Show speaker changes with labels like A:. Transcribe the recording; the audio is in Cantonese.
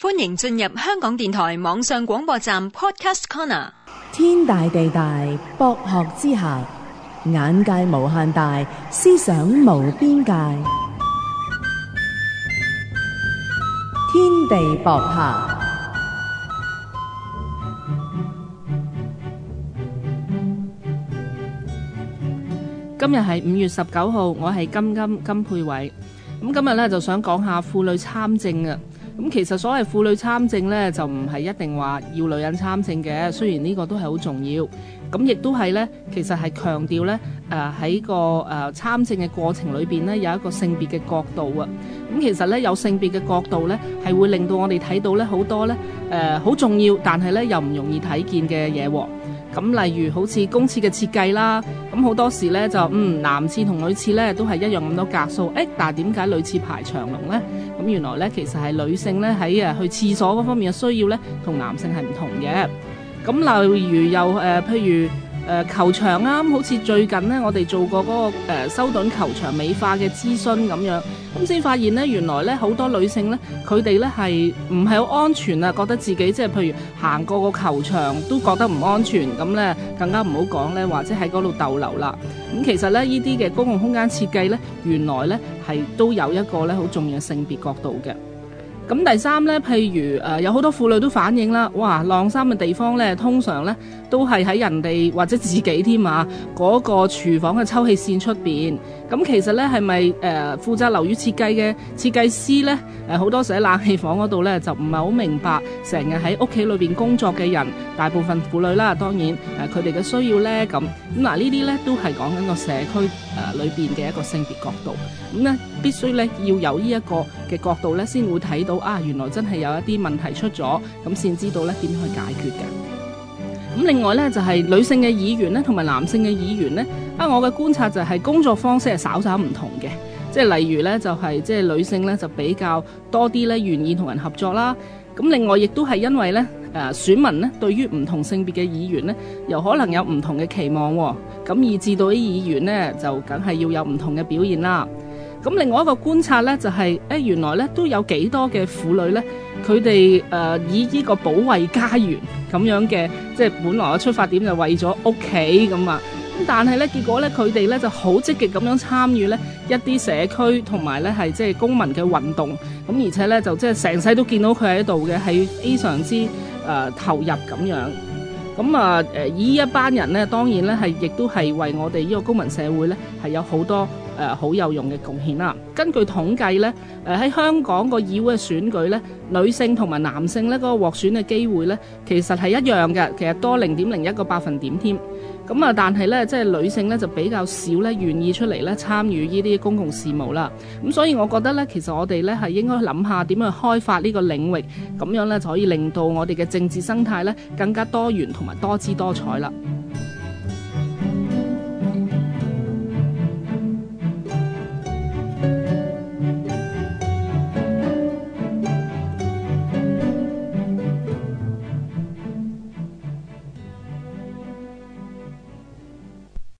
A: 歡迎進入香港電台網上廣播站 Podcast Corner。天大地大，博學之下，眼界無限大，思想無邊界。天地博客。今日係五月十九號，我係金金金佩瑋。咁今日呢就想講下婦女參政啊。咁其實所謂婦女參政呢，就唔係一定話要女人參政嘅，雖然呢個都係好重要。咁亦都係呢，其實係強調呢，誒喺個誒參政嘅過程裏邊呢，有一個性別嘅角度啊。咁其實呢有性別嘅角度呢，係會令到我哋睇到呢好多呢誒好重要，但係呢又唔容易睇見嘅嘢喎。咁例如好似公廁嘅設計啦，咁好多時呢就嗯男廁同女廁呢都係一樣咁多格數，誒，但係點解女廁排長龍呢？咁原來呢，其實係女性呢喺誒去廁所嗰方面嘅需要呢，同男性係唔同嘅，咁例如又誒、呃、譬如。誒球場啊，好似最近咧，我哋做過嗰個誒修頓球場美化嘅諮詢咁樣，咁先發現呢，原來呢好多女性呢，佢哋呢係唔係好安全啊？覺得自己即係譬如行過個球場都覺得唔安全，咁呢，更加唔好講呢，或者喺嗰度逗留啦。咁其實呢，呢啲嘅公共空間設計呢，原來呢係都有一個呢好重要性別角度嘅。咁第三咧，譬如誒有好多婦女都反映啦，哇晾衫嘅地方咧，通常咧都係喺人哋或者自己添啊，個廚房嘅抽氣扇出邊。咁其實咧係咪誒負責樓宇設計嘅設計師咧？誒好多時冷氣房度咧就唔係好明白，成日喺屋企裏邊工作嘅人，大部分婦女啦，當然誒佢哋嘅需要咧咁。咁嗱呢啲咧都係講緊個社區誒裏邊嘅一個性別角度。咁咧必須咧要有呢一個嘅角度咧，先會睇到。啊，原來真係有一啲問題出咗，咁先知道咧點去解決嘅。咁另外呢，就係女性嘅議員咧，同埋男性嘅議員呢，啊我嘅觀察就係工作方式係稍稍唔同嘅，即係例如呢，就係即係女性呢，就比較多啲咧願意同人合作啦。咁另外亦都係因為呢，誒選民咧對於唔同性別嘅議員呢，又可能有唔同嘅期望喎，咁以至到啲議員呢，就梗係要有唔同嘅表現啦。咁另外一個觀察咧，就係、是、誒、欸、原來咧都有幾多嘅婦女咧，佢哋誒以呢個保衞家園咁樣嘅，即係本來嘅出發點就為咗屋企咁啊。咁但係咧，結果咧，佢哋咧就好積極咁樣參與咧一啲社區同埋咧係即係公民嘅運動。咁而且咧就即係成世都見到佢喺度嘅，係非常之誒、呃、投入咁樣。咁啊誒呢一班人咧，當然咧係亦都係為我哋呢個公民社會咧係有好多。誒、呃、好有用嘅貢獻啦！根據統計咧，誒、呃、喺香港個議會嘅選舉咧，女性同埋男性咧嗰、那個獲選嘅機會咧，其實係一樣嘅，其實多零點零一個百分點添。咁啊，但係咧，即係女性咧就比較少咧願意出嚟咧參與呢啲公共事務啦。咁所以我覺得咧，其實我哋咧係應該諗下點樣去開發呢個領域，咁樣咧就可以令到我哋嘅政治生態咧更加多元同埋多姿多彩啦。